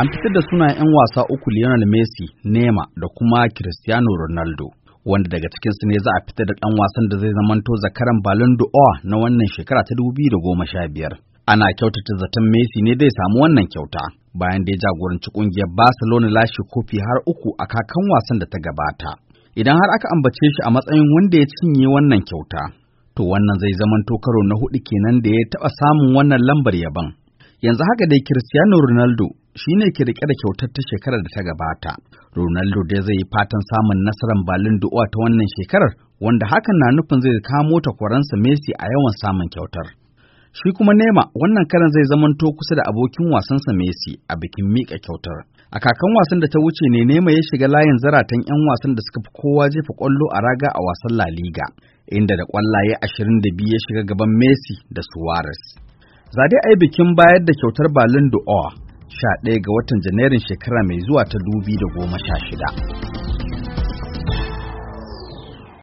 An fitar da suna 'yan wasa uku Lionel Messi, Neymar da kuma Cristiano Ronaldo. Wanda daga cikin su ne za a fitar da ɗan wasan da zai zamanto zakaran Ballon d'Or na wannan shekara ta biyar. Ana kyautata zaton Messi ne zai samu wannan kyauta bayan da ya jagoranci ƙungiyar Barcelona lashe kofi har uku a kakan wasan da ta gabata. Idan har aka ambace shi a matsayin wanda ya cinye wannan kyauta, to wannan zai zamanto karo na hudu kenan da ya taɓa samun wannan lambar yaban. Yanzu haka dai Cristiano Ronaldo shi ne ke rike da kyautar ta shekarar da ta gabata. Ronaldo dai zai yi fatan samun nasarar Ballon d'Or ta wannan shekarar wanda hakan na nufin zai kamo takwaransa Messi a yawan samun kyautar. Shi kuma Nema wannan karan zai zamanto kusa da abokin wasansa Messi a bikin mika kyautar. A kakan wasan da ta wuce ne Nema ya shiga layin zaratan 'yan wasan da suka fi kowa jefa kwallo a raga a wasan La Liga, inda da kwallaye ashirin da biyu ya shiga gaban Messi da Suarez. Zade yi bikin bayar da kyautar Ballon d'Or 11 ga watan Janairun shekara mai zuwa ta da goma sha shida.